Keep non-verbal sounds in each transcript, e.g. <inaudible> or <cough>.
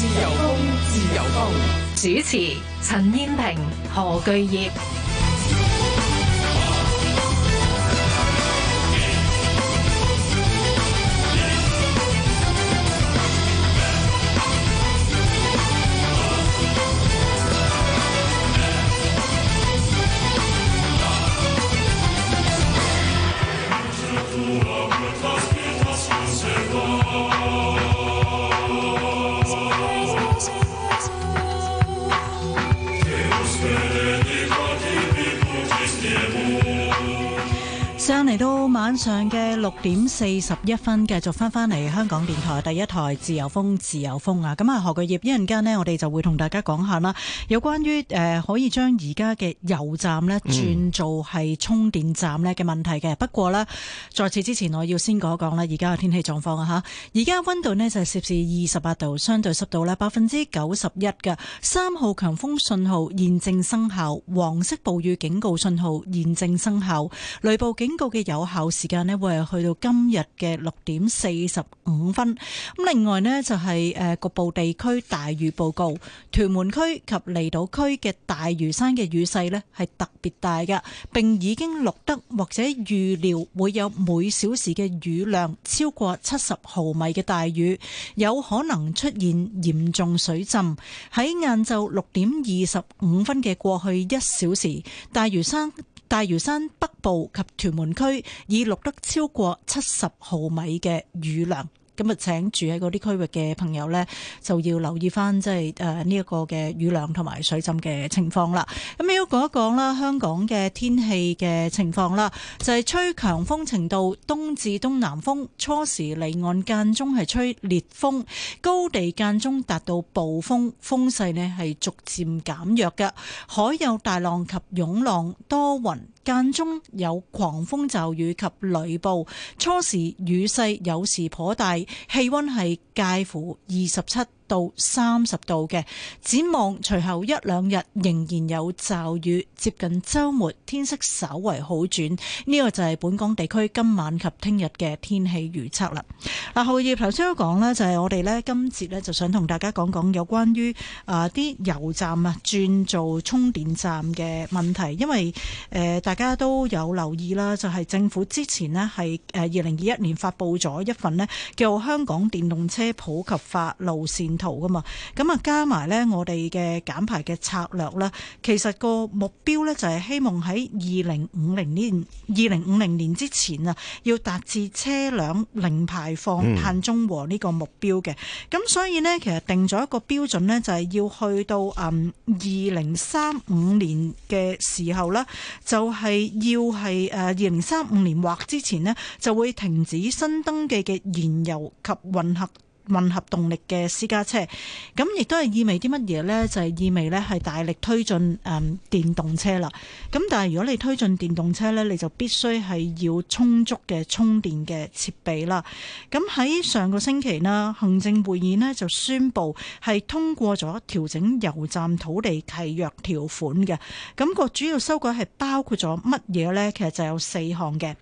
自由風，自由風。主持：陳燕萍、何巨業。上嘅六點四十一分，繼續返返嚟香港電台第一台自由風，自由風啊！咁啊，何個業一陣間咧，我哋就會同大家講下啦，有關於誒、呃、可以將而家嘅油站咧轉做係充電站咧嘅問題嘅。嗯、不過咧，在此之前，我要先講一講咧，而家嘅天氣狀況啊吓，而家溫度咧就係、是、攝氏二十八度，相對濕度咧百分之九十一嘅，三號強風信號現正生效，黃色暴雨警告信號現正生效，雷暴警告嘅有效時。時間呢會係去到今日嘅六點四十五分。咁另外呢，就係誒局部地區大雨報告，屯門區及離島區嘅大嶼山嘅雨勢呢係特別大㗎，並已經錄得或者預料會有每小時嘅雨量超過七十毫米嘅大雨，有可能出現嚴重水浸。喺晏晝六點二十五分嘅過去一小時，大嶼山。大嶼山北部及屯門區已錄得超過七十毫米嘅雨量。咁啊！請住喺嗰啲區域嘅朋友呢，就要留意翻即係誒呢一、呃這個嘅雨量同埋水浸嘅情況啦。咁要講一講啦，香港嘅天氣嘅情況啦，就係、是、吹強風程度，東至東南風，初時離岸間中係吹烈風，高地間中達到暴風，風勢呢係逐漸減弱嘅，海有大浪及湧浪，多雲。間中有狂風驟雨及雷暴，初時雨勢有時頗大，氣溫係介乎二十七到三十度嘅，展望隨後一兩日仍然有驟雨，接近周末天色稍為好轉。呢、這個就係本港地區今晚及聽日嘅天氣預測啦。嗱，浩業頭先都講啦，就係、是、我哋咧今節咧就想同大家講講有關於啊啲油站啊轉做充電站嘅問題，因為誒大家都有留意啦，就係、是、政府之前咧係誒二零二一年發布咗一份咧叫《香港電動車普及化路線》。圖噶嘛，咁啊加埋咧，我哋嘅減排嘅策略啦，其實個目標咧就係希望喺二零五零年二零五零年之前啊，要達至車輛零排放碳中和呢個目標嘅。咁、嗯、所以呢，其實定咗一個標準呢，就係要去到嗯二零三五年嘅時候咧，就係、是、要係誒二零三五年或之前呢，就會停止新登記嘅燃油及混合。混合動力嘅私家車，咁亦都係意味啲乜嘢呢？就係意味呢係大力推進誒電動車啦。咁但係如果你推進電動車呢，你就必須係要充足嘅充電嘅設備啦。咁喺上個星期呢，行政會議呢就宣布係通過咗調整油站土地契約條款嘅。咁個主要修改係包括咗乜嘢呢？其實就有四項嘅。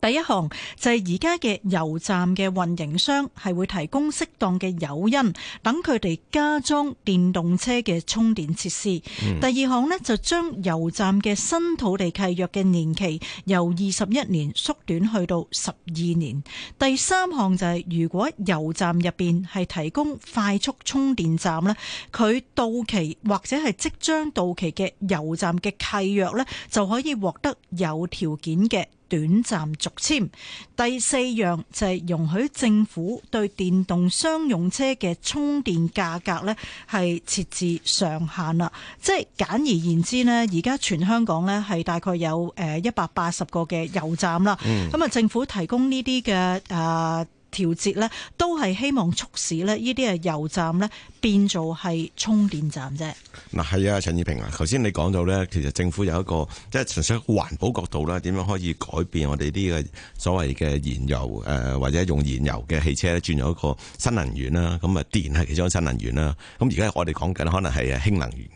第一項就係而家嘅油站嘅運營商係會提供適當嘅誘因，等佢哋加裝電動車嘅充電設施。嗯、第二項呢，就將、是、油站嘅新土地契約嘅年期由二十一年縮短去到十二年。第三項就係、是、如果油站入邊係提供快速充電站呢，佢到期或者係即將到期嘅油站嘅契約呢，就可以獲得有條件嘅，短暫續簽，第四樣就係容許政府對電動商用車嘅充電價格呢係設置上限啦。即係簡而言之呢，而家全香港呢係大概有誒一百八十個嘅油站啦。咁啊，嗯，政府提供呢啲嘅誒。呃調節咧，都係希望促使咧依啲誒油站咧變做係充電站啫。嗱係啊，陳怡平啊，頭先你講到咧，其實政府有一個即係純粹個環保角度啦，點樣可以改變我哋呢個所謂嘅燃油誒、呃，或者用燃油嘅汽車轉入一個新能源啦。咁啊，電係其中一個新能源啦。咁而家我哋講緊可能係氫能源。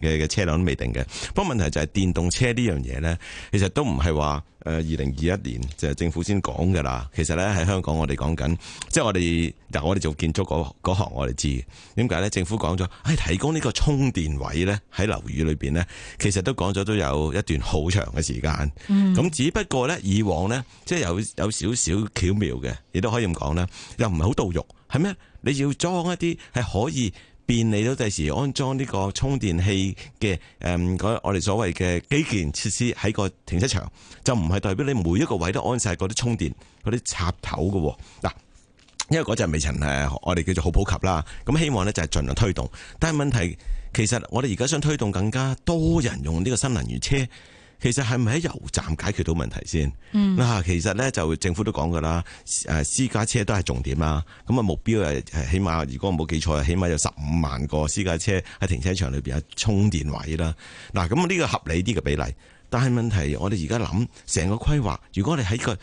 嘅嘅車輛都未定嘅，不過問題就係電動車呢樣嘢呢，其實都唔係話誒二零二一年就係政府先講㗎喇。其實呢，喺香港我哋講緊，即係我哋嗱我哋做建築嗰行，我哋知嘅。點解呢？政府講咗，係、哎、提供呢個充電位呢，喺樓宇裏邊呢，其實都講咗都有一段好長嘅時間。咁、嗯、只不過呢，以往呢，即係有有少少巧妙嘅，亦都可以咁講啦。又唔係好到肉，係咩？你要裝一啲係可以。便利到第時安裝呢個充電器嘅，誒、呃，我哋所謂嘅基建設施喺個停車場，就唔係代表你每一個位都安晒嗰啲充電嗰啲插頭㗎。嗱，因為嗰陣未曾誒，我哋叫做好普及啦。咁希望呢就係盡量推動，但係問題其實我哋而家想推動更加多人用呢個新能源車。其實係咪喺油站解決到問題先？嗱，嗯，其實咧就政府都講過啦，誒，私家車都係重點啦。咁啊目標係起碼，如果我冇記錯，起碼有十五萬個私家車喺停車場裏邊有充電位啦。嗱，咁呢個合理啲嘅比例，但係問題我哋而家諗成個規劃，如果你喺個誒，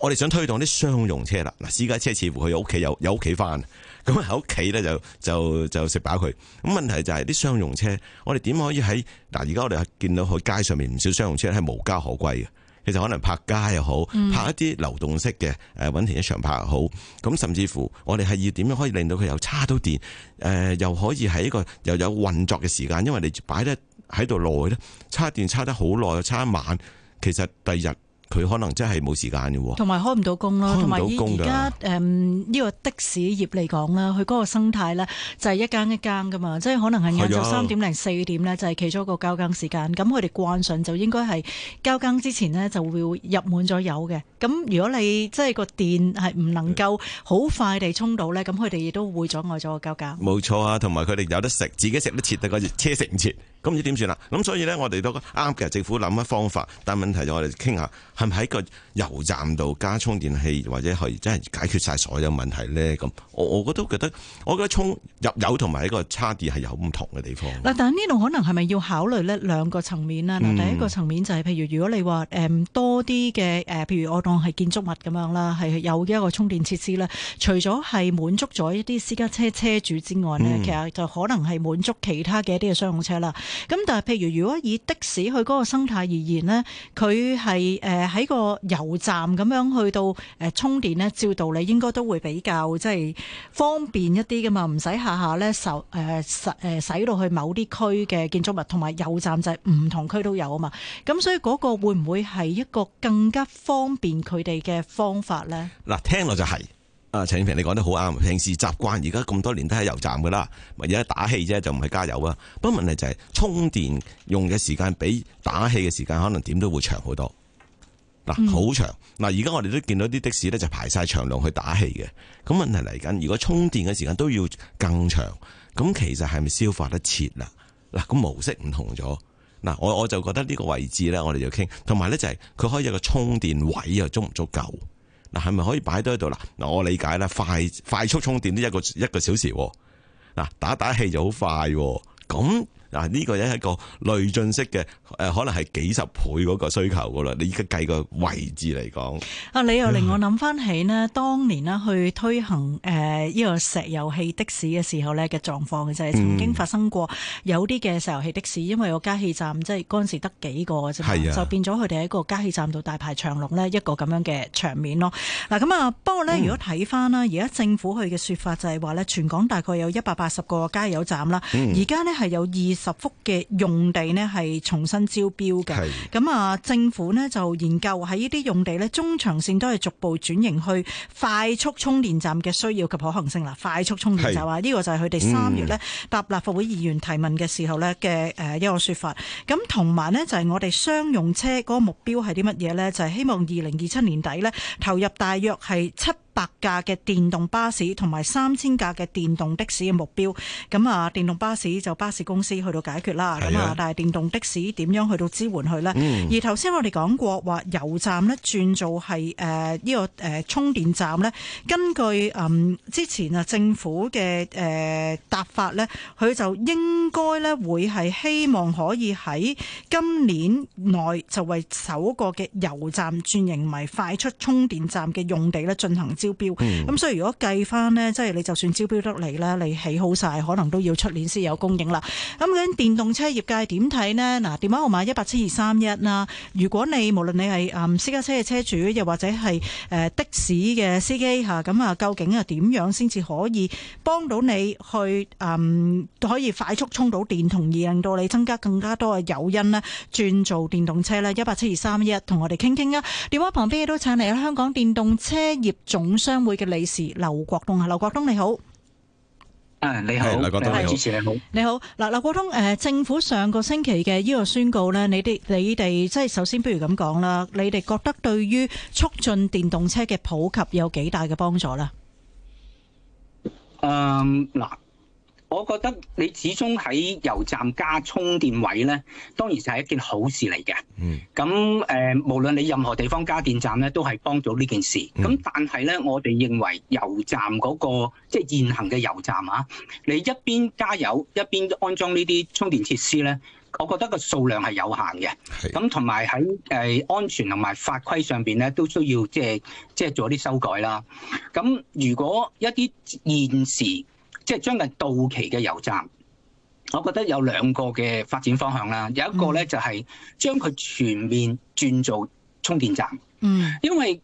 我哋想推動啲商用車啦，嗱，私家車似乎去屋企有有屋企翻。有咁喺屋企咧就就就食飽佢，咁問題就係啲商用車，我哋點可以喺嗱？而家我哋見到佢街上面唔少商用車係無家可歸嘅，其實可能拍街又好，拍一啲流動式嘅誒，揾停一場拍又好，咁甚至乎我哋係要點樣可以令到佢又叉到電，誒又可以喺一個又有運作嘅時間，因為你擺得喺度耐咧，叉電叉得好耐，叉一晚，其實第二日。佢可能真係冇時間嘅，同埋開唔到工咯、啊。同埋而家㗎。呢、嗯、個的士業嚟講啦，佢嗰個生態咧就係一間一間嘅嘛，即係可能係晏晝三點零四點咧，就係其中一個交更時間。咁佢哋慣常就應該係交更之前呢，就會入滿咗油嘅。咁如果你即係個電係唔能夠好快地充到咧，咁佢哋亦都會阻礙咗個交更。冇錯啊，同埋佢哋有得食，自己食得切，得係個車食唔切。咁唔知點算啦？咁所以咧，我哋都啱其實嘅。政府諗一方法，但係問題就我哋傾下，係咪喺個油站度加充電器，或者係真係解決晒所有問題咧？咁我我覺得覺得，我覺得充入油同埋一個差別係有唔同嘅地方。嗱，但係呢度可能係咪要考慮咧兩個層面啦？嗱，第一個層面就係、是、譬如，如果你話誒多啲嘅誒，譬如我當係建築物咁樣啦，係有一個充電設施咧，除咗係滿足咗一啲私家車車主之外咧，嗯、其實就可能係滿足其他嘅一啲嘅商用車啦。咁但係，譬如如果以的士去嗰個生態而言呢，佢係誒喺個油站咁樣去到誒、呃、充電呢，照道理應該都會比較即係方便一啲噶嘛，唔使下一下咧受誒使誒使到去某啲區嘅建築物，同埋油站就係唔同區都有啊嘛。咁所以嗰個會唔會係一個更加方便佢哋嘅方法咧？嗱、就是，聽落就係。啊，陳永平，你講得好啱。平時習慣，而家咁多年都喺油站嘅啦，而家打氣啫，就唔係加油啊。不過問題就係、是、充電用嘅時間比打氣嘅時間可能點都會長好多。嗱、嗯，好、啊、長。嗱、啊，而家我哋都見到啲的士咧就排晒長龍去打氣嘅。咁、啊、問題嚟緊，如果充電嘅時間都要更長，咁其實係咪消化得切啦？嗱、啊，咁模式唔同咗。嗱、啊，我我就覺得呢個位置咧，我哋要傾。同埋咧就係、是、佢可以有個充電位又足唔足夠？嗱，係咪可以擺到喺度啦？嗱，我理解啦，快快速充電呢一個一個小時，嗱，打打氣就好快咁。嗱呢、啊呢個亦係一個累進式嘅誒、呃，可能係幾十倍嗰個需求噶啦。你依家計個位置嚟講，嗯、啊你又令我諗翻起呢。當年咧去推行誒呢個石油氣的士嘅時候呢，嘅狀況，就係、是、曾經發生過有啲嘅石油氣的士，因為個加氣站即係嗰陣時得幾個啫，啊、就變咗佢哋喺個加氣站度大排長龍呢一個咁樣嘅場面咯。嗱咁啊，不過呢，如果睇翻啦，而家、嗯、政府佢嘅説法就係話呢，全港大概有一百八十個加油站啦，而家呢係有二十幅嘅用地呢，係重新招標嘅。咁是啊，政府呢就研究喺呢啲用地呢，中長線都係逐步轉型去快速充電站嘅需要及可行性啦。快速充電站啊，呢是個就係佢哋三月呢、嗯、答立法會議員提問嘅時候呢嘅誒、呃、一個說法。咁同埋呢，就係、是、我哋商用車嗰個目標係啲乜嘢呢？就係、是、希望二零二七年底呢，投入大約係七。百架嘅電動巴士同埋三千架嘅電動的士嘅目標，咁啊，電動巴士就巴士公司去到解決啦，咁啊的，但係電動的士點樣去到支援佢咧？嗯、而頭先我哋講過話，油站咧轉做係誒呢個誒充電站咧，根據嗯、呃、之前啊政府嘅誒、呃、答法咧，佢就應該咧會係希望可以喺今年內就為首個嘅油站轉型為快速充電站嘅用地咧進行招標，咁、嗯嗯嗯、所以如果計翻呢，就是、即係你就算招標得嚟咧，你起好晒，可能都要出年先有供應啦。咁、嗯、究竟電動車業界點睇呢？嗱，電話號碼一八七二三一啦。如果你無論你係私家車嘅車主，又或者係的士嘅司機吓，咁啊究竟又點樣先至可以幫到你去、嗯、可以快速充到電，同而令到你增加更加多嘅誘因呢？轉做電動車咧？31，聊一八七二三一同我哋傾傾啊！電話旁邊亦都請嚟香港電動車業總。商會嘅理事劉國東啊，劉國東你好，誒你好，劉國東你好，主持你好，你好，嗱劉國東誒，政府上個星期嘅呢個宣告呢，你哋你哋即係首先不如咁講啦，你哋覺得對於促進電動車嘅普及有幾大嘅幫助呢？嗯，um，嗱。我覺得你始終喺油站加充電位咧，當然就係一件好事嚟嘅。嗯。咁、呃、誒，無論你任何地方加電站咧，都係幫助呢件事。咁但係咧，我哋認為油站嗰個即係現行嘅油站啊，你一邊加油一邊安裝呢啲充電設施咧，我覺得個數量係有限嘅。係。咁同埋喺誒安全同埋法規上邊咧，都需要即係即係做啲修改啦。咁如果一啲現時，即係將近到期嘅油站，我覺得有兩個嘅發展方向啦。有一個咧就係將佢全面轉做充電站。嗯，因為誒誒、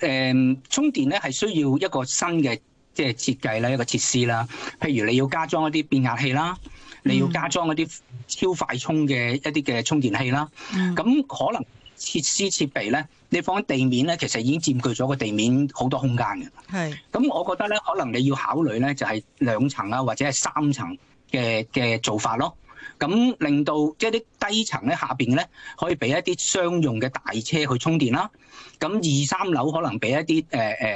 呃呃、充電咧係需要一個新嘅即係設計啦，一個設施啦。譬如你要加裝一啲變壓器啦，你要加裝一啲超快充嘅一啲嘅充電器啦。咁可能。設施設備咧，你放喺地面咧，其實已經佔據咗個地面好多空間嘅。係是，咁、嗯、我覺得咧，可能你要考慮咧，就係、是、兩層啊，或者係三層嘅嘅做法咯。咁、嗯、令到即係啲低層咧下邊嘅咧，可以俾一啲商用嘅大車去充電啦。咁、嗯、二三樓可能俾一啲誒誒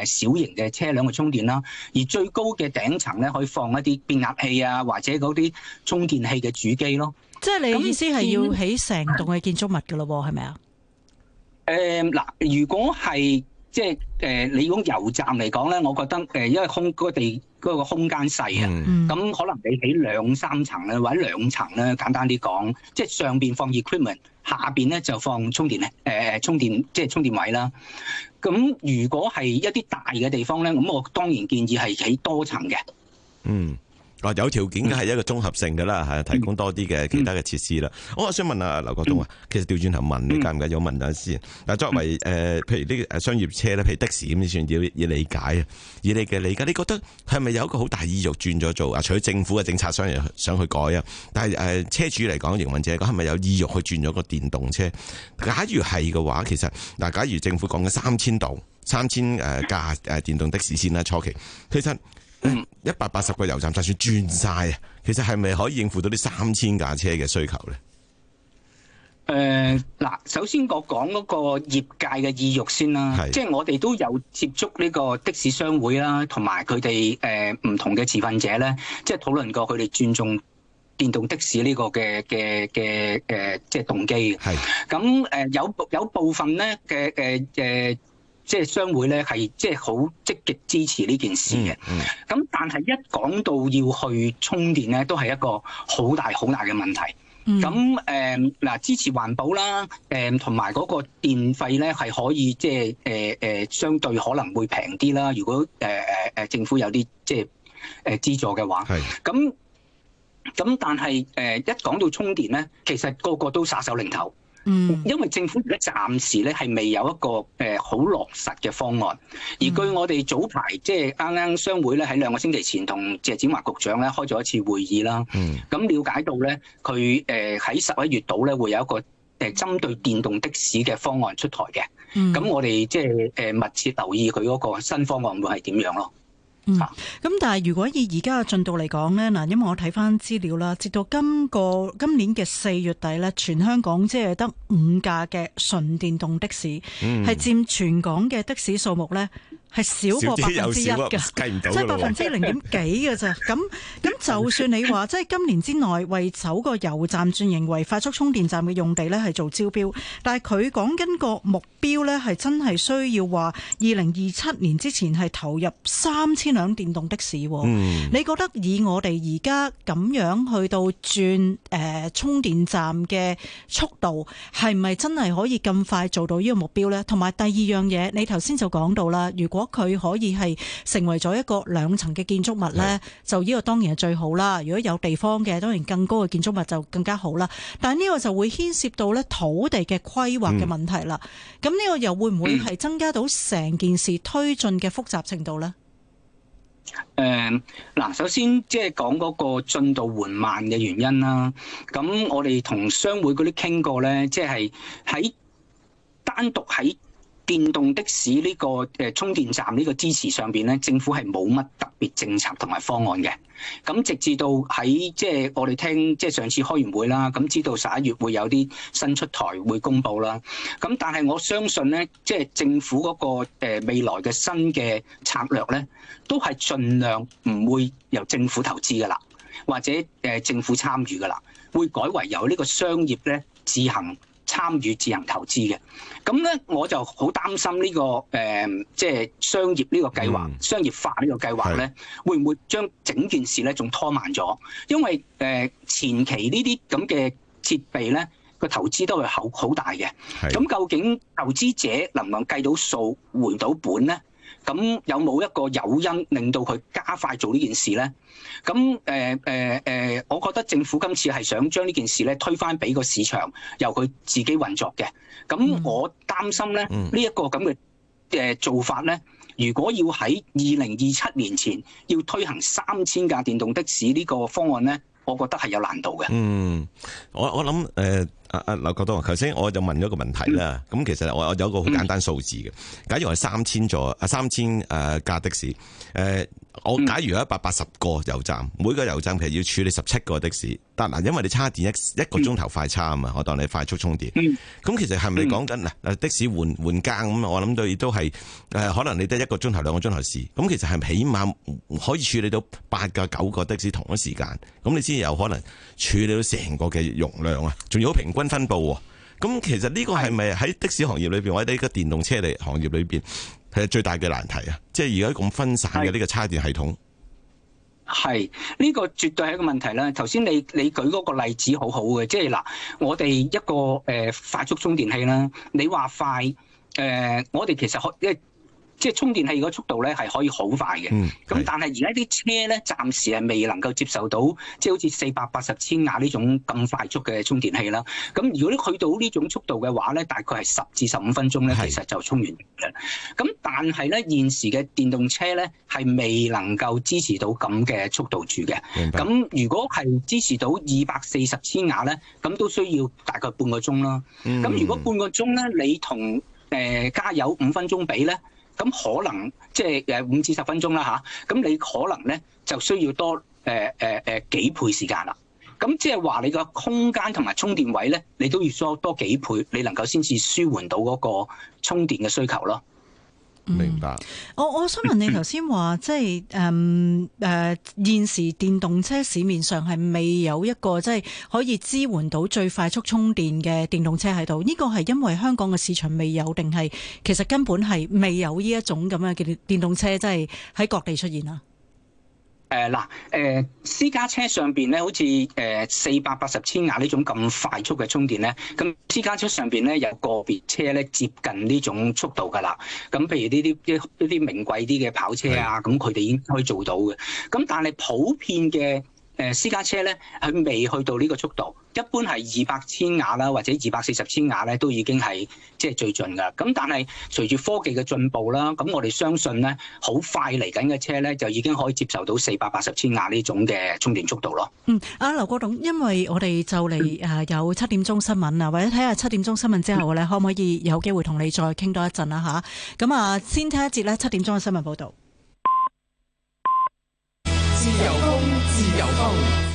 小型嘅車輛去充電啦。而最高嘅頂層咧，可以放一啲變壓器啊，或者嗰啲充電器嘅主機咯。即係你意思係要，要起成棟嘅建築物㗎咯？係咪啊？誒、嗱、呃，如果係即係誒、呃，你講油站嚟講咧，我覺得誒、呃，因為空個地嗰、那個空間細啊，咁、嗯、可能你起兩三層咧，或者兩層咧，簡單啲講，即係上邊放 equipment，下邊咧就放充電誒、呃，充電即係充電位啦。咁如果係一啲大嘅地方咧，咁我當然建議係起多層嘅。嗯。啊、哦，有條件嘅係一個綜合性嘅啦，嚇提供多啲嘅其他嘅設施啦、嗯嗯哦。我想問啊，劉國東啊，其實調轉頭問你解解，介唔介意我問陣先？嗱，作為誒、呃，譬如呢個商業車咧，譬如的士咁算要要理解啊。以你嘅理解，你覺得係咪有一個好大意欲轉咗做啊？除咗政府嘅政策想，想想去改啊，但係誒、呃、車主嚟講，營運者嚟講，係咪有意欲去轉咗個電動車？假如係嘅話，其實嗱，假如政府講緊三千度、三千誒架誒電動的士先啦，初期其實。嗯，一百八十個油站就算轉晒啊，其實係咪可以應付到啲三千架車嘅需求咧？誒，嗱，首先我講嗰個業界嘅意欲先啦，即係我哋都有接觸呢個的士商會啦，同埋佢哋誒唔同嘅持份者咧，即係討論過佢哋尊重電動的士呢個嘅嘅嘅誒，即係動機嘅。係，咁誒有有部分咧嘅誒誒。即係商會咧，係即係好積極支持呢件事嘅。咁、嗯嗯、但係一講到要去充電咧，都係一個好大好大嘅問題。咁誒嗱，支持環保啦，誒同埋嗰個電費咧係可以即係誒誒相對可能會平啲啦。如果誒誒誒政府有啲即係誒資助嘅話，係咁咁，但係誒一講到充電咧，其實個個都耍手擰頭。嗯，因為政府咧暫時咧係未有一個誒好落實嘅方案，嗯、而據我哋早排即係啱啱商會咧喺兩個星期前同謝展寰局長咧開咗一次會議啦。嗯，咁了解到咧，佢誒喺十一月度咧會有一個誒針對電動的士嘅方案出台嘅。咁、嗯、我哋即係誒密切留意佢嗰個新方案會係點樣咯。嗯，咁但係如果以而家嘅進度嚟講呢嗱，因為我睇翻資料啦，直到今個今年嘅四月底呢，全香港即係得五架嘅純電動的士，係佔、嗯、全港嘅的、的士數目呢。係少過百分之一嘅，即係百分之零點幾嘅啫。咁咁， <laughs> 就算你話即係今年之內為首個油站轉型為快速充電站嘅用地咧，係做招標，但係佢講緊個目標咧，係真係需要話二零二七年之前係投入三千輛電動的士。 <laughs> 你覺得以我哋而家咁樣去到轉誒、呃、充電站嘅速度，係唔係真係可以咁快做到呢個目標咧？同埋第二樣嘢，你頭先就講到啦，如果佢可以係成為咗一個兩層嘅建築物呢，是的 就呢個當然係最好啦。如果有地方嘅當然更高嘅建築物就更加好啦。但呢個就會牽涉到呢土地嘅規劃嘅問題啦。嗯，咁呢個又會唔會係增加到成件事推進嘅複雜程度呢？誒，嗱，首先即係講嗰個進度緩慢嘅原因啦。咁我哋同商會嗰啲傾過呢，即係喺單獨喺。電動的士呢、呢個誒、呃、充電站呢個支持上邊呢，政府係冇乜特別政策同埋方案嘅。咁直至到喺即係我哋聽即係上次開完會啦，咁知道十一月會有啲新出台會公布啦。咁但係我相信呢，即係政府嗰個未來嘅新嘅策略呢，都係盡量唔會由政府投資噶啦，或者誒政府參與噶啦，會改為由呢個商業呢自行。參與自行投資嘅，咁咧我就好擔心呢、這個誒、呃，即係商業呢個計劃、嗯、商業化呢個計劃咧，是會唔會將整件事咧仲拖慢咗？因為誒、呃、前期呢啲咁嘅設備咧，個投資都係好好大嘅。咁是究竟投資者能唔能計到數，回到本咧？咁有冇一個誘因令到佢加快做呢件事呢？咁誒誒我覺得政府今次係想將呢件事咧推返俾個市場由佢自己運作嘅。咁我擔心咧呢一、嗯、個咁嘅誒做法呢，如果要喺二零二七年前要推行三千架電動的士呢個方案呢，我覺得係有難度嘅。嗯，我我諗誒。呃啊，劉國東，頭先我就問咗個問題啦，咁、嗯、其實我我有一個好簡單數字嘅，假如係三千座，啊，三千誒架的士，誒、呃。我假如有一百八十個油站，每個油站其實要處理十七個的士，但嗱，因為你差電一一個鐘頭快叉啊嘛，嗯、我當你快速充電，咁、嗯、其實係咪講緊嗱？嗯、的士換換更咁，我諗到亦都係誒，可能你得一個鐘頭、兩個鐘頭時，咁其實係起碼可以處理到八個、九個的士同一時間，咁你先有可能處理到成個嘅容量啊，仲要好平均分佈，咁其實呢個係咪喺的士行業裏邊，或者呢個電動車嚟行業裏邊？係最大嘅難題啊！即係而家咁分散嘅呢個差電系統，係呢、呢個絕對係一個問題啦。頭先你你舉嗰個例子好好嘅，即係嗱，我哋一個誒快、呃、速充電器啦，你話快誒、呃，我哋其實可即係。因為即係充電器個速度咧，係可以好快嘅。咁、嗯、但係而家啲車咧，暫時係未能夠接受到，即係好似四百八十千瓦呢種咁快速嘅充電器啦。咁如果你去到呢種速度嘅話咧，大概係十至十五分鐘咧，其實就充完嘅。咁是但係咧，現時嘅電動車咧係未能夠支持到咁嘅速度住嘅。咁白如果係支持到二百四十千瓦咧，咁都需要大概半個鐘啦。咁、嗯、如果半個鐘咧，你同誒、呃、加油五分鐘比咧？咁可能即係誒五至十分鐘啦吓，咁、啊、你可能咧就需要多誒誒誒幾倍時間啦。咁即係話你個空間同埋充電位咧，你都需要多多幾倍，你能夠先至舒緩到嗰個充電嘅需求咯。明白。嗯、我我想問你，頭先話即係誒誒，現時電動車市面上係未有一個即係、就是、可以支援到最快速充電嘅電動車喺度。呢個係因為香港嘅市場未有，定係其實根本係未有呢一種咁樣嘅電動車，即係喺各地出現啊？誒嗱，誒、呃呃、私家車上邊咧，好似誒四百八十千瓦呢種咁快速嘅充電咧，咁私家車上邊咧有個別車咧接近呢種速度㗎啦。咁譬如呢啲一啲名貴啲嘅跑車啊，咁佢哋已經可以做到嘅。咁但係普遍嘅。誒私家車咧，佢未去到呢個速度，一般係二百千瓦啦，或者二百四十千瓦咧，都已經係即係最盡㗎。咁但係隨住科技嘅進步啦，咁我哋相信咧，好快嚟緊嘅車咧，就已經可以接受到四百八十千瓦呢種嘅充電速度咯。嗯，啊，劉國東，因為我哋就嚟誒有七點鐘新聞啊，或者睇下七點鐘新聞之後咧，嗯、可唔可以有機會同你再傾多一陣啦？吓，咁啊，先聽一節咧七點鐘嘅新聞報導。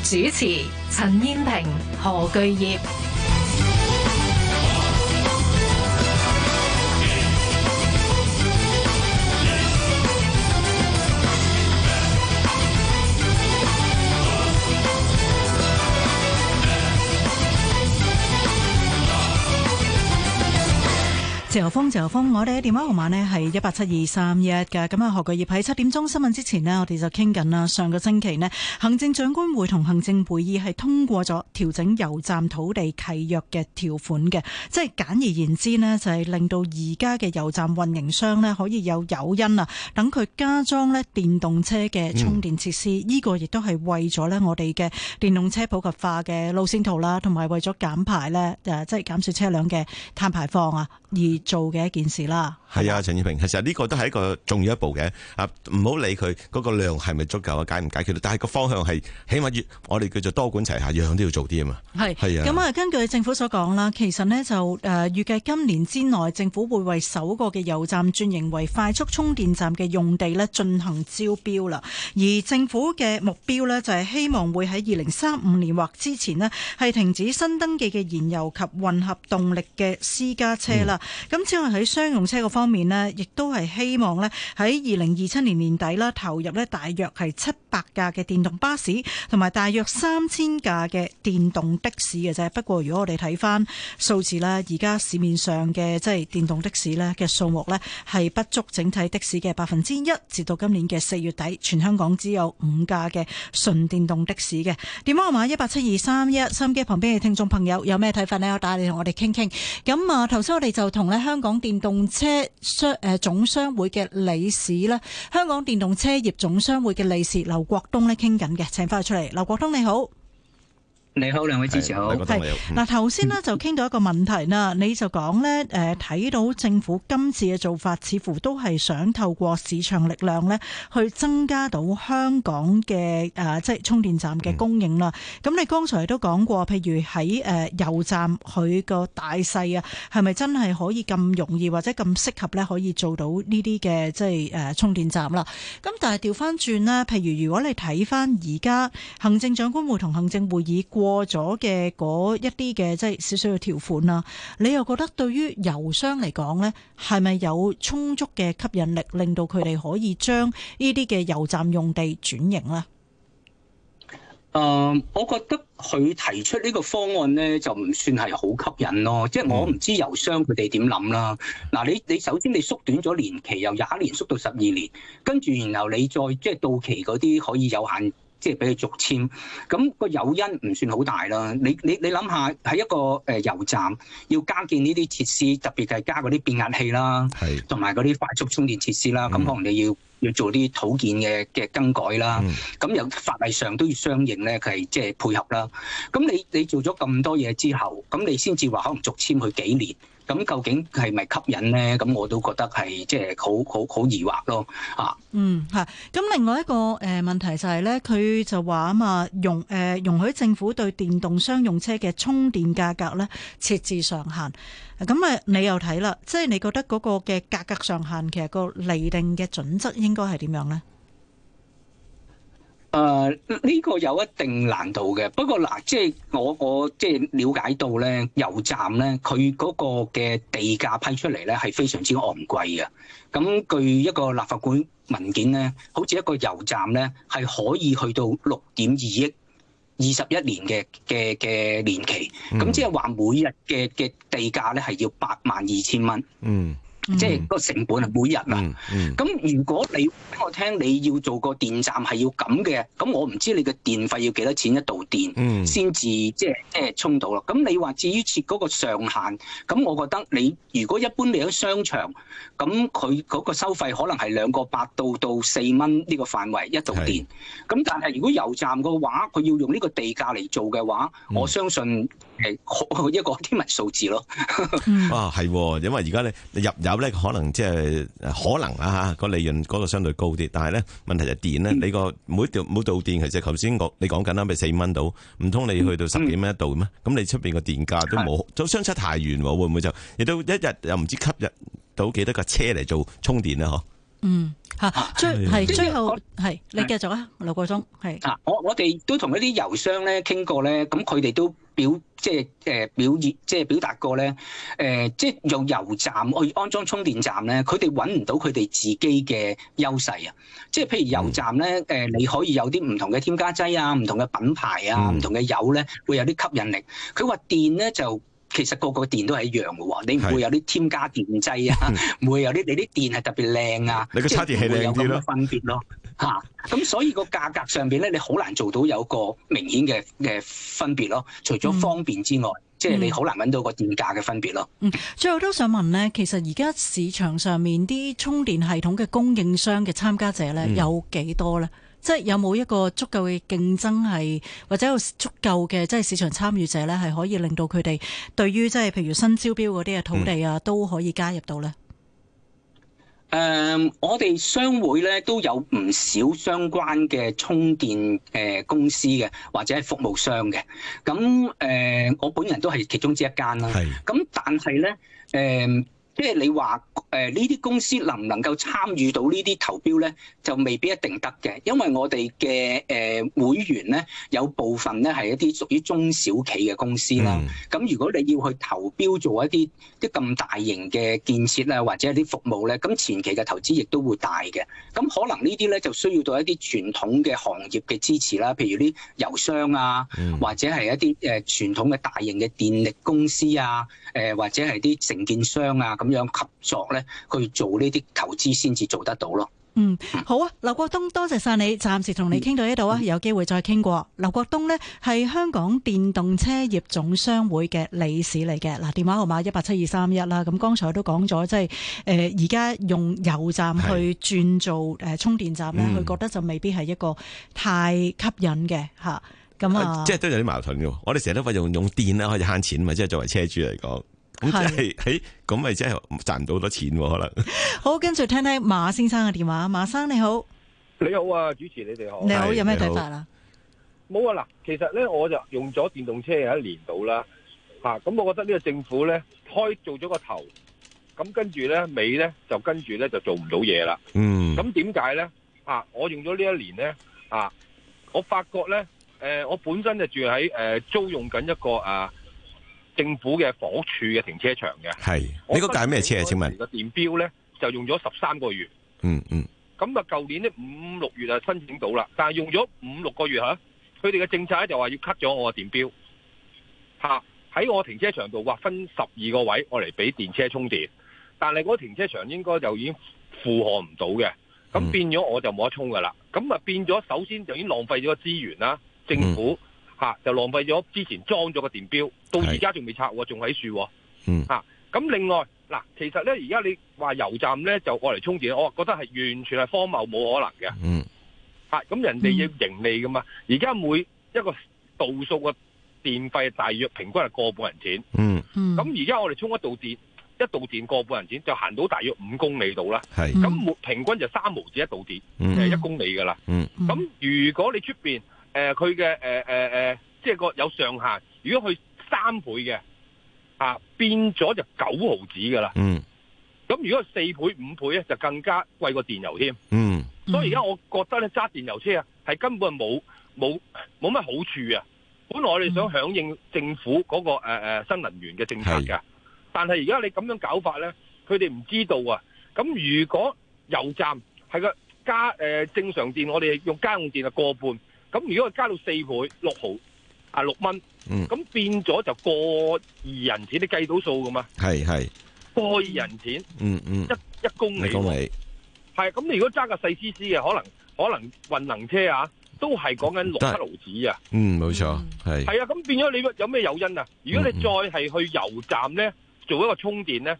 主持：陳燕萍、何巨業。自由風，自由風，我哋嘅電話號碼咧係一八七二三一嘅。咁啊，何國業喺七點鐘新聞之前呢，我哋就傾緊啦。上個星期呢，行政長官會同行政會議係通過咗調整油站土地契約嘅條款嘅，即係簡而言之呢，就係、是、令到而家嘅油站運營商呢可以有誘因啊，等佢加裝呢電動車嘅充電設施。呢、嗯、個亦都係為咗呢我哋嘅電動車普及化嘅路線圖啦，同埋為咗減排呢，誒，即係減少車輛嘅碳排放啊而。做嘅一件事啦，係啊，陳志吧平，其實呢個都係一個重要一步嘅啊，唔好理佢嗰、那個量係咪足夠啊，解唔解決，但係個方向係起碼越，我哋叫做多管齊下，樣都要做啲啊嘛，係係是啊，咁啊、嗯，根據政府所講啦，其實咧就誒預計今年之內，政府會為首個嘅油站轉型為快速充電站嘅用地咧進行招標啦，而政府嘅目標咧就係希望會喺二零三五年或之前咧係停止新登記嘅燃油及混合動力嘅私家車啦。嗯咁此外，喺商用車個方面咧，亦都係希望咧喺二零二七年年底啦，投入咧大約係七百架嘅電動巴士，同埋大約三千架嘅電動的士嘅啫。不過如果我哋睇翻數字咧，而家市面上嘅即係電動的士咧嘅數目咧，係不足整體的士嘅百分之一。直到今年嘅四月底，全香港只有五架嘅純電動的士嘅。電話號碼一八七二三一，收音機旁邊嘅聽眾朋友有咩睇法咧？我帶你同我哋傾傾，咁啊，頭先我哋就同咧。香港電動車商誒總商會嘅理事咧，香港電動車業總商會嘅理事劉國東咧傾緊嘅，請翻佢出嚟，劉國東你好。你好，兩位主持好。係嗱，頭先咧就傾到一個問題啦， <noise> 你就講咧，誒，睇到政府今次嘅做法，似乎都係想透過市場力量咧，去增加到香港嘅誒、呃，即係充電站嘅供應啦。咁 <noise> 你剛才都講過，譬如喺誒油站，佢個大細啊，係咪真係可以咁容易或者咁適合咧，可以做到呢啲嘅即係誒充電站啦？咁但係調翻轉咧，譬如如果你睇翻而家行政長官會同行政會議過咗嘅嗰一啲嘅即係少少嘅條款啦，啊，你又覺得對於油商嚟講呢，係咪有充足嘅吸引力，令到佢哋可以將呢啲嘅油站用地轉型呢？誒、嗯，我覺得佢提出呢個方案呢，就唔算係好吸引咯。即係我唔知油商佢哋點諗啦。嗱，啊，你你首先你縮短咗年期，由廿一年縮到十二年，跟住然後你再即係到期嗰啲可以有限。即係俾佢續簽，咁個誘因唔算好大啦。你你你諗下，喺一個誒、呃、油站要加建呢啲設施，特別係加嗰啲變壓器啦，同埋嗰啲快速充電設施啦。咁、嗯、可能你要要做啲土建嘅嘅更改啦。咁有、嗯、法例上都要相應咧，佢係即係配合啦。咁你你做咗咁多嘢之後，咁你先至話可能續簽佢幾年。咁究竟係咪吸引呢？咁我都覺得係即係好好好疑惑咯嚇。嗯，係。咁另外一個誒問題就係，是，咧，佢就話咁啊容誒、呃、容許政府對電動商用車嘅充電價格咧設置上限。咁啊，你又睇啦，即係你覺得嗰個嘅價格上限其實個釐定嘅準則應該係點樣咧？誒呢、uh，個有一定難度嘅，不過嗱，即係我我即係了解到咧，油站咧佢嗰個嘅地價批出嚟咧係非常之昂貴嘅。咁、嗯、據一個立法會文件咧，好似一個油站咧係可以去到六點二億二十一年嘅嘅嘅年期。咁、嗯、即係話每日嘅嘅地價咧係要八萬二千蚊。嗯。嗯、即係個成本係，每日啊，咁、嗯嗯、如果你聽我聽你俾我聽你要做個電站係要咁嘅，咁我唔知你嘅電費要幾多錢一度電，先、嗯、至即係即充到咯。咁你話至於設嗰個上限，咁我覺得你如果一般你喺商場，咁佢嗰個收費可能係兩個八到到四蚊呢個範圍一度電。咁是但係如果油站嘅話，佢要用呢個地價嚟做嘅話，嗯、我相信。係一個天文數字咯。哦、 <laughs> 啊，係，因為而家咧入油咧可能即、就、係、是、可能啊，吓，個利潤嗰度相對高啲，但係咧問題就電咧，嗯、你個每度每度電其實頭先我你講緊啦，咪四蚊度，唔通你去到十幾蚊一度咩？咁、嗯、你出面個電價都冇，就相差太遠，會唔會就亦都一日又唔知吸入到幾多架車嚟做充電咧？嗬？嗯，吓最係最後係，你繼續啊，劉國東。係。啊，我我哋都同一啲油商咧傾過咧，咁佢哋都表即係誒表意，即係表達過咧，誒即係用油站去安裝充電站咧，佢哋搵唔到佢哋自己嘅優勢啊！即係譬如油站咧，誒、嗯呃、你可以有啲唔同嘅添加劑啊，唔同嘅品牌啊，唔、嗯、同嘅油咧會有啲吸引力。佢話電咧就。其實個個電都係一樣嘅喎，你唔會有啲添加電劑啊，唔是的 會有啲你啲電係特別靚啊，差係唔會有咁多分別咯，吓咁、 <laughs> 啊、所以個價格上面咧，你好難做到有個明顯嘅嘅分別咯。除咗方便之外，嗯、即係你好難揾到個電價嘅分別咯。嗯，最後都想問咧，其實而家市場上面啲充電系統嘅供應商嘅參加者咧，嗯、有幾多咧？即係有冇一個足夠嘅競爭係，或者有足夠嘅即係市場參與者咧，係可以令到佢哋對於即係譬如新招標嗰啲嘅土地啊，都可以加入到咧。誒、嗯，我哋商會咧都有唔少相關嘅充電誒、呃、公司嘅，或者係服務商嘅。咁誒、呃，我本人都係其中之一間啦。咁係但係咧，誒、呃。即係你話誒呢啲公司能唔能夠參與到呢啲投標咧，就未必一定得嘅，因為我哋嘅誒會員咧有部分咧係一啲屬於中小企嘅公司啦。咁、嗯、如果你要去投標做一啲啲咁大型嘅建設咧，或者一啲服務咧，咁前期嘅投資亦都會大嘅。咁可能呢啲咧就需要到一啲傳統嘅行業嘅支持啦，譬如啲油商啊，嗯、或者係一啲誒、呃、傳統嘅大型嘅電力公司啊，誒、呃、或者係啲承建商啊咁。咁樣合作咧，去做呢啲投資先至做得到咯。嗯，好啊，劉國東，多謝晒你，暫時同你傾到呢度啊，嗯、有機會再傾過。劉國東呢，係香港電動車業總商會嘅理事嚟嘅，嗱，電話號碼一八七二三一啦。咁剛才都講咗，即係誒而家用油站去轉做誒充電站咧，佢是覺得就未必係一個太吸引嘅吓。咁、嗯、啊，那即係都有啲矛盾嘅。我哋成日都話用用電咧可以慳錢嘛，即係作為車主嚟講。咁就係誒，咁咪真係賺唔到好多錢可能。好，跟住聽聽馬先生嘅電話。馬生你好，你好啊，主持你哋好。 <music> 你好，有咩睇法好啊？冇啊嗱，其實咧我就用咗電動車有一年到啦，吓、啊、咁我覺得呢個政府咧開做咗個頭，咁、啊、跟住咧尾咧就跟住咧就做唔到嘢啦。嗯。咁點解咧？啊，我用咗呢一年咧，啊，我發覺咧，誒、呃，我本身就住喺誒、呃、租用緊一個啊。政府嘅房屋署嘅停車場嘅，係你嗰架咩車啊？請問個電表呢就用咗十三個月，嗯嗯，咁啊舊年呢五六月就申請到啦，但係用咗五六個月吓，佢哋嘅政策咧就話要 cut 咗我嘅電表，吓，喺我停車場度劃分十二個位，我嚟俾電車充電，但係嗰停車場應該就已經負荷唔到嘅，咁變咗我就冇得充噶啦，咁啊、嗯、變咗首先就已經浪費咗資源啦，政府、嗯。吓，就浪費咗之前裝咗個電表，到而家仲未拆，仲喺樹。嗯，吓咁、啊、另外嗱、啊，其實咧而家你話油站咧就過嚟充電，我覺得係完全係荒謬，冇可能嘅。嗯，吓咁、啊、人哋要盈利噶嘛？而家每一個度數嘅電費大約平均係個半銀錢。嗯咁而家我哋充一度電，一度電個半銀錢就行到大約五公里度啦。係咁、嗯，每、嗯、平均就三毫紙一度電，嗯、就係一公里噶啦。咁、嗯嗯嗯嗯、如果你出邊。誒，佢嘅，誒誒誒，即係個有上限。如果佢三倍嘅啊，變咗就九毫子噶啦。嗯，咁如果四倍、五倍咧，就更加貴過電油添。嗯，所以而家我覺得咧揸電油車啊，係根本啊冇冇冇乜好處啊。本來我哋想響應政府嗰個誒誒新能源嘅政策噶，的但係而家你咁樣搞法咧，佢哋唔知道啊。咁如果油站係個加誒正常電，我哋用家用電啊過半。咁如果佢加到四倍六毫啊六蚊，咁變咗就過二人錢，你計到數噶嘛？係係過二人錢，嗯嗯，一一公里。公里係咁，你如果揸個細 C C 嘅，可能可能混能車啊，都係講緊六七毫紙啊。嗯，冇錯，係係啊，咁變咗你有咩誘因啊？如果你再係去油站咧，做一個充電咧，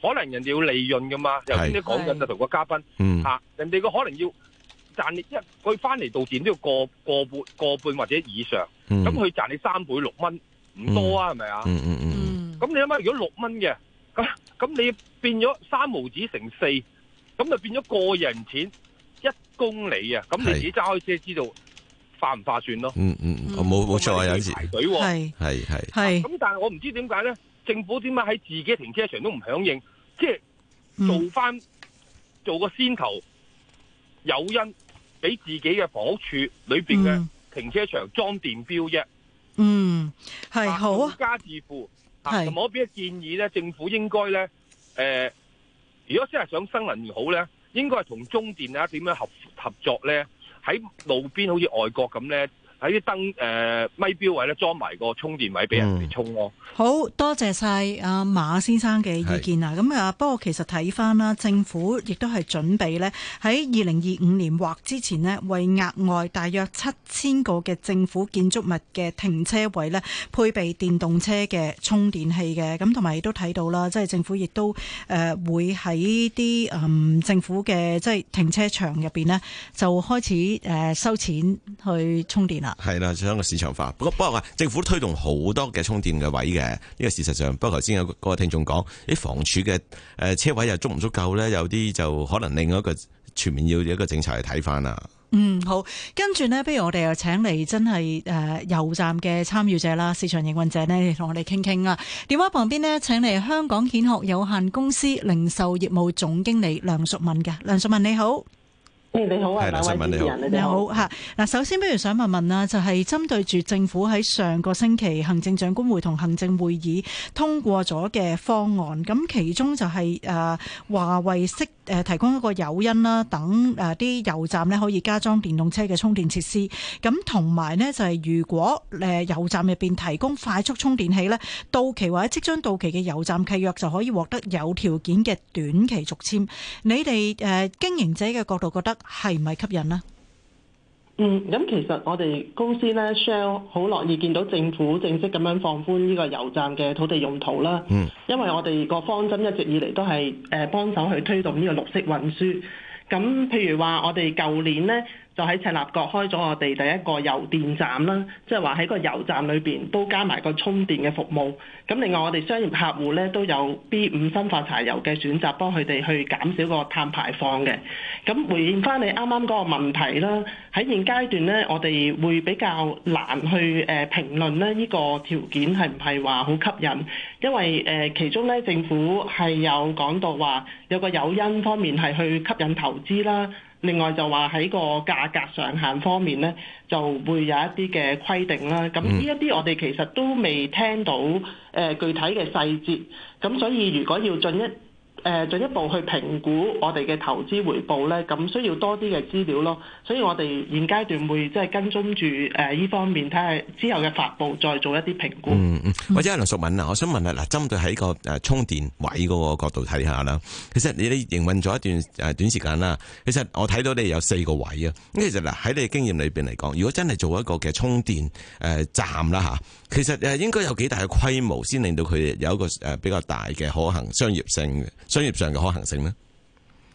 可能人哋要利潤噶嘛？頭先你講緊就同個嘉賓，嗯，啊，人哋個可能要。賺你一佢翻嚟到錢都要過個半個半或者以上，咁佢賺你三倍六蚊唔多啊，係咪啊？嗯嗯嗯。咁你諗下，如果六蚊嘅，咁咁，你變咗三毫子乘四，咁就變咗個人錢一公里啊！咁你自己揸開車知道化唔化算咯？嗯嗯，冇冇錯啊！有陣時排隊係係係，咁但係我唔知點解咧，政府點解喺自己停車場都唔響應，即係做翻做個先頭誘因。嗯，喺啲燈誒咪標位咧裝埋個充電位俾人哋充咯、啊，mm. 好多謝晒阿、啊、馬先生嘅意見啊！咁是啊，不過其實睇翻啦，政府亦都係準備咧喺二零二五年或之前咧，為額外大約七千個嘅政府建築物嘅停車位咧，配備電動車嘅充電器嘅。咁同埋亦都睇到啦，即係政府亦都誒、呃、會喺啲誒政府嘅即係停車場入邊咧，就開始誒、呃、收錢去充電。係啦，將個市場化，不過不過啊，政府推動好多嘅充電嘅位嘅，呢個事實上，不過頭先有嗰個聽眾講，啲房署嘅誒車位又足唔足夠咧，有啲就可能另外一個全面要一個政策嚟睇翻啦。嗯，好，跟住呢，不如我哋又請嚟真係誒、呃、油站嘅參與者啦，市場營運者呢，同我哋傾傾啊。電話旁邊呢，請嚟香港蜆殼有限公司零售業務總經理梁淑敏嘅，梁淑敏你好。你好啊，偉健你好，你好吓。嗱，好，首先不如想問問啦，就係、是、針對住政府喺上個星期行政長官會同行政會議通過咗嘅方案，咁其中就係誒話為適誒提供一個誘因啦，等誒啲油站咧可以加裝電動車嘅充電設施。咁同埋咧就係如果誒油站入邊提供快速充電器咧，到期或者即將到期嘅油站契約就可以獲得有條件嘅短期續簽。你哋誒、呃、經營者嘅角度覺得？係咪吸引呢？嗯，咁其實我哋公司呢，Shell 好樂意見到政府正式咁樣放寬呢個油站嘅土地用途啦。嗯，因為我哋個方針一直以嚟都係誒、呃、幫手去推動呢個綠色運輸。咁譬如話，我哋舊年呢。就喺赤鱲角開咗我哋第一個油電站啦，即係話喺個油站裏邊都加埋個充電嘅服務。咁另外我哋商業客戶咧都有 B 五生化柴油嘅選擇，幫佢哋去減少個碳排放嘅。咁回應翻你啱啱嗰個問題啦，喺現階段咧，我哋會比較難去誒評論咧呢個條件係唔係話好吸引，因為誒其中咧政府係有講到話有個誘因方面係去吸引投資啦。另外就話喺個價格上限方面咧，就會有一啲嘅規定啦。咁呢一啲我哋其實都未聽到誒、呃、具體嘅細節。咁所以如果要進一誒進一步去評估我哋嘅投資回報咧，咁需要多啲嘅資料咯。所以我哋現階段會即係跟蹤住誒呢方面，睇下之後嘅發布再做一啲評估。嗯嗯，或者阿梁淑敏啊，我想問下嗱，針對喺個誒充電位嗰個角度睇下啦。其實你哋營運咗一段誒短時間啦。其實我睇到你哋有四個位啊。咁其實嗱喺你經驗裏邊嚟講，如果真係做一個嘅充電誒站啦嚇，其實誒應該有幾大嘅規模先令到佢哋有一個誒比較大嘅可行商業性嘅。商業上嘅可行性咧？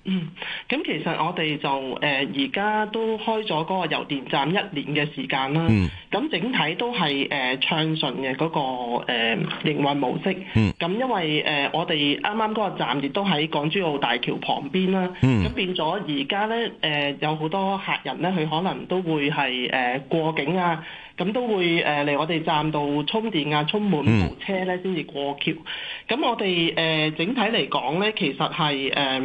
嗯，咁其實我哋就誒而家都開咗嗰個油電站一年嘅時間啦。嗯，咁整體都係誒、呃、暢順嘅嗰個誒、呃、營運模式。嗯，咁因為誒我哋啱啱嗰個站亦都喺港珠澳大橋旁邊啦。咁、嗯、變咗而家咧誒有好多客人咧，佢可能都會係誒、呃、過境啊，咁都會誒嚟、呃、我哋站度充電啊、充滿部車咧先至過橋。咁我哋誒整體嚟講咧，其實係誒。呃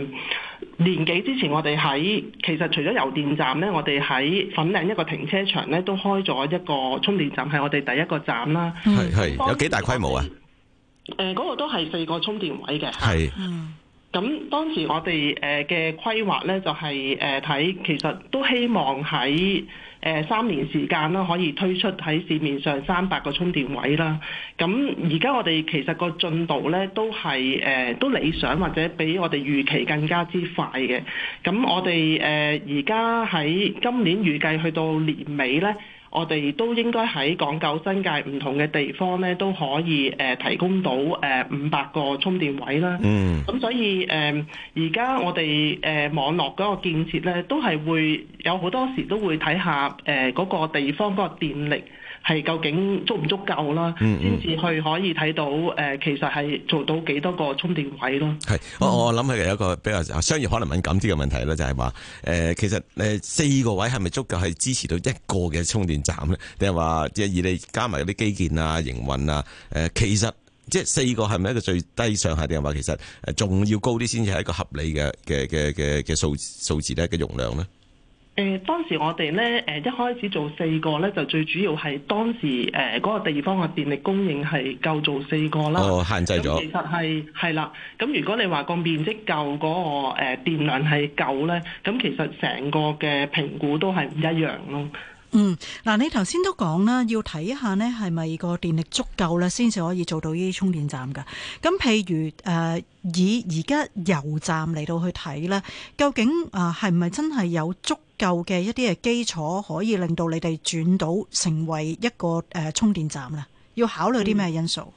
年幾之前我哋喺，其實除咗油電站呢，我哋喺粉嶺一個停車場呢都開咗一個充電站，係我哋第一個站啦。係係、嗯，有幾大規模啊？誒、呃，嗰、那個都係四個充電位嘅。係是。嗯。咁當時我哋誒嘅規劃呢、就是，就係誒睇，其實都希望喺。誒、呃，三年時間啦，可以推出喺市面上三百個充電位啦。咁而家我哋其實個進度咧，都係誒、呃，都理想，或者比我哋預期更加之快嘅。咁、啊、我哋誒，而家喺今年預計去到年尾咧。我哋都應該喺港九新界唔同嘅地方咧，都可以誒、呃、提供到誒五百個充電位啦。嗯，咁 <noise> 所以誒而家我哋誒、呃、網絡嗰個建設咧，都係會有好多時都會睇下誒嗰、呃那個地方嗰個電力，係究竟足唔足夠啦？先至去可以睇到誒，其實係做到幾多個充電位咯？係，我我諗起有一個比較商業可能敏感啲嘅問題啦，就係話誒，其實誒四個位係咪足夠係支持到一個嘅充電站咧？定係話即係以你加埋啲基建啊、營運啊？誒，其實即係四個係咪一個最低上限，定係話其實誒仲要高啲先至係一個合理嘅嘅嘅嘅嘅數數字咧嘅容量咧？誒當時我哋咧誒一開始做四個咧，就最主要係當時誒嗰個地方嘅電力供應係夠做四個啦。哦，限制咗。其實係係啦，咁如果你話個面積夠嗰個誒電量係夠咧，咁其實成個嘅評估都係唔一樣咯。嗯，嗱，你頭先都講啦，要睇下呢係咪個電力足夠咧，先至可以做到呢啲充電站㗎。咁譬如誒以而家油站嚟到去睇咧，究竟啊係唔係真係有足？舊嘅一啲嘅基礎可以令到你哋轉到成為一個誒充電站啦，要考慮啲咩因素？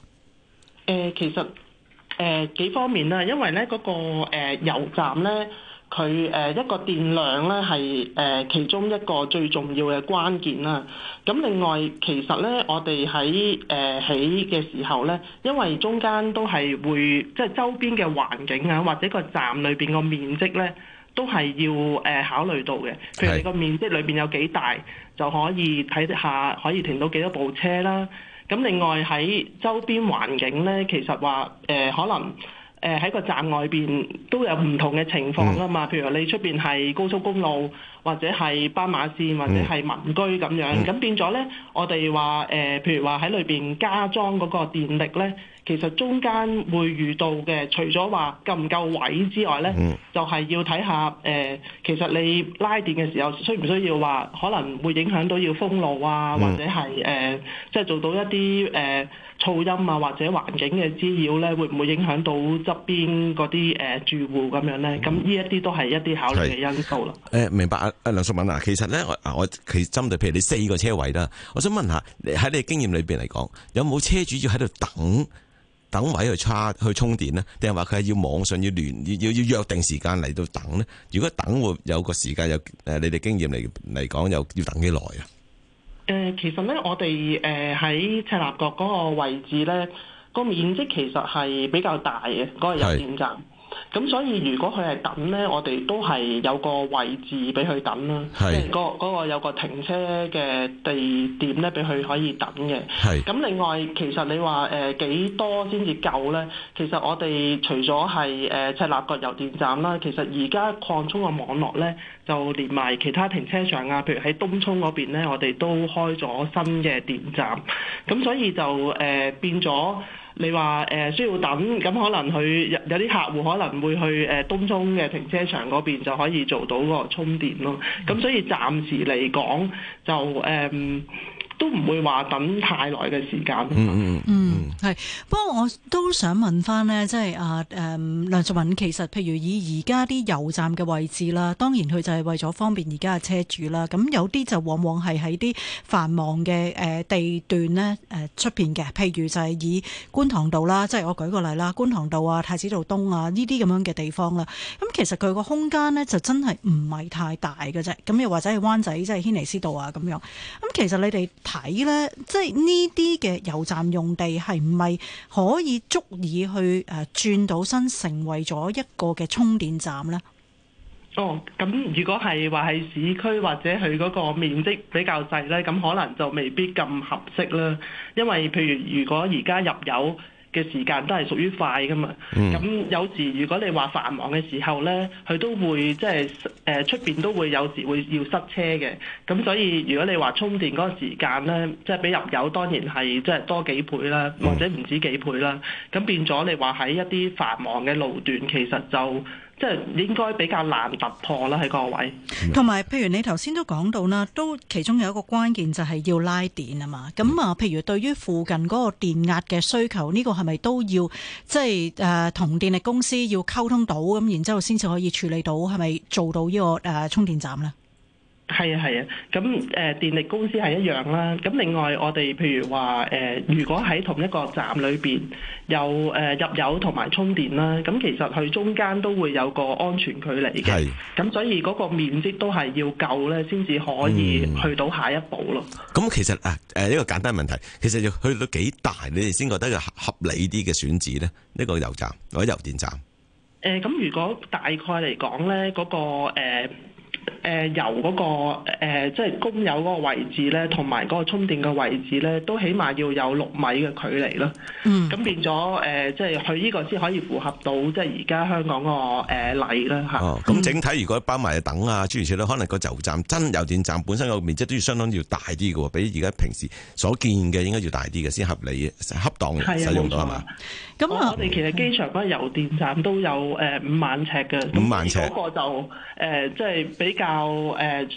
誒，其實誒幾方面啦，因為咧嗰個誒油站咧，佢誒一個電量咧係誒其中一個最重要嘅關鍵啦。咁另外，其實咧我哋喺誒起嘅時候咧，因為中間都係會即係周邊嘅環境啊，或者個站裏邊個面積咧。都係要誒、呃、考慮到嘅，譬如你個面積裏邊有幾大，就可以睇下可以停到幾多部車啦。咁另外喺周邊環境咧，其實話誒、呃、可能，誒喺、呃、個站外邊都有唔同嘅情況啊嘛，譬如你出邊係高速公路，或者係斑馬線，或者係民居咁樣，咁、嗯、變咗呢，我哋話誒，譬如話喺裏邊加裝嗰個電力呢，其實中間會遇到嘅，除咗話夠唔夠位之外呢，嗯、就係要睇下誒、呃，其實你拉電嘅時候，需唔需要話可能會影響到要封路啊，或者係誒、呃，即係做到一啲誒。呃噪音啊，或者環境嘅滋擾咧，會唔會影響到側邊嗰啲誒住戶咁樣咧？咁呢、嗯、一啲都係一啲考慮嘅因素啦。誒、呃，明白啊，阿梁淑敏啊，其實咧，我我其實針對譬如你四個車位啦，我想問下，喺你經驗裏邊嚟講，有冇車主要喺度等等位去插去充電呢？定係話佢係要網上要聯要要、要約定時間嚟到等呢？如果等會有個時間，有誒你哋經驗嚟嚟講，又要等幾耐啊？誒、呃，其實咧，我哋誒喺赤 𫚭 嗰個位置咧，那個面積其實係比較大嘅，嗰個入邊站。咁所以如果佢係等呢，我哋都係有個位置俾佢等啦，即係嗰嗰個有個停車嘅地點呢，俾佢可以等嘅。咁是另外，其實你話誒幾多先至夠呢？其實我哋除咗係、呃、赤鱲角油電站啦，其實而家擴充嘅網絡呢，就連埋其他停車場啊，譬如喺東涌嗰邊呢，我哋都開咗新嘅電站，咁所以就誒、呃、變咗。你話誒需要等，咁可能佢有有啲客戶可能會去誒東涌嘅停車場嗰邊就可以做到個充電咯。咁所以暫時嚟講就誒。嗯都唔會話等太耐嘅時間。嗯嗯嗯，係。不過、嗯、我都想問翻呢，即係啊誒、嗯、梁淑敏其實譬如以而家啲油站嘅位置啦，當然佢就係為咗方便而家嘅車主啦。咁有啲就往往係喺啲繁忙嘅誒、呃、地段呢誒、呃、出邊嘅，譬如就係以觀塘道啦，即係我舉個例啦，觀塘道啊、太子道東啊呢啲咁樣嘅地方啦。咁其實佢個空間呢就真係唔係太大嘅啫。咁又或者係灣仔，即係軒尼詩道啊咁樣。咁其實你哋睇呢，即係呢啲嘅油站用地係唔係可以足以去誒轉到身成為咗一個嘅充電站呢？哦，咁如果係話喺市區或者佢嗰個面積比較細呢，咁可能就未必咁合適啦。因為譬如如果而家入油。嘅時間都係屬於快㗎嘛，咁有時如果你話繁忙嘅時候呢，佢都會即係出邊都會有時會要塞車嘅，咁所以如果你話充電嗰個時間呢，即係比入油當然係即係多幾倍啦，或者唔止幾倍啦，咁變咗你話喺一啲繁忙嘅路段，其實就。即係應該比較難突破啦，喺個位。同埋，譬如你頭先都講到啦，都其中有一個關鍵就係要拉電啊嘛。咁啊，譬如對於附近嗰個電壓嘅需求，呢個係咪都要即係誒同電力公司要溝通到咁，然之後先至可以處理到係咪做到呢個誒、呃、充電站咧？係啊，係啊，咁誒電力公司係一樣啦。咁另外我哋譬如話誒，如果喺同一個站裏邊有誒入油同埋充電啦，咁其實佢中間都會有個安全距離嘅。係。咁所以嗰個面積都係要夠咧，先至可以去到下一步咯。咁其實啊誒一個簡單問題，其實要去到幾大，你哋先覺得個合理啲嘅選址咧？呢個油站或者油電站？誒咁如果大概嚟講咧，嗰個誒。誒 <noise> 油嗰、那個、呃、即係供油嗰個位置咧，同埋嗰個充電嘅位置咧，都起碼要有六米嘅距離咯。嗯，咁變咗誒、呃，即係佢呢個先可以符合到即係而家香港個誒、呃、例啦嚇。咁、嗯哦、整體如果包埋等啊諸如此類，可能個油站真油電站本身個面積都要相當要大啲嘅喎，比而家平時所見嘅應該要大啲嘅先合理、恰當、啊、使用到啊嘛。咁、嗯嗯、我哋其實機場嗰個油電站都有誒五萬尺嘅，五萬尺嗰個就誒即係比較。就誒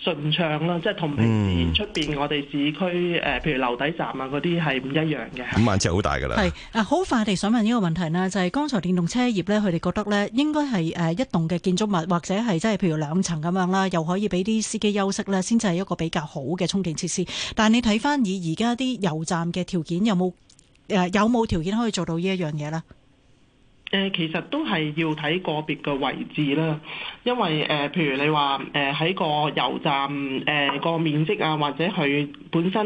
順暢啦，即係同平時出邊我哋市區誒，譬如樓底站啊嗰啲係唔一樣嘅。五萬尺，即係好大噶啦。係啊，好快地想問呢個問題咧，就係剛才電動車業咧，佢哋覺得咧應該係誒一棟嘅建築物，或者係即係譬如兩層咁樣啦，又可以俾啲司機休息咧，先至係一個比較好嘅充電設施。但係你睇翻以而家啲油站嘅條件，有冇誒有冇條件可以做到呢一樣嘢咧？誒其實都係要睇個別嘅位置啦，因為誒、呃、譬如你話誒喺個油站誒、呃嗰個面積啊，或者佢本身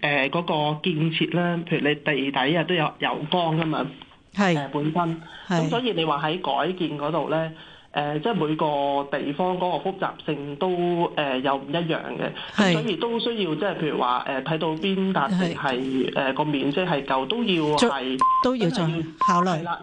誒嗰個建設啦，譬如你地底啊都有油缸噶嘛，係誒本身，咁、呃係呃、所以你話喺改建嗰度咧，誒、呃、即係每個地方嗰個複雜性都誒有唔一樣嘅，係所以都需要即係譬如話誒睇到邊笪地係誒個、呃、面積係夠，都要係都要再考慮量。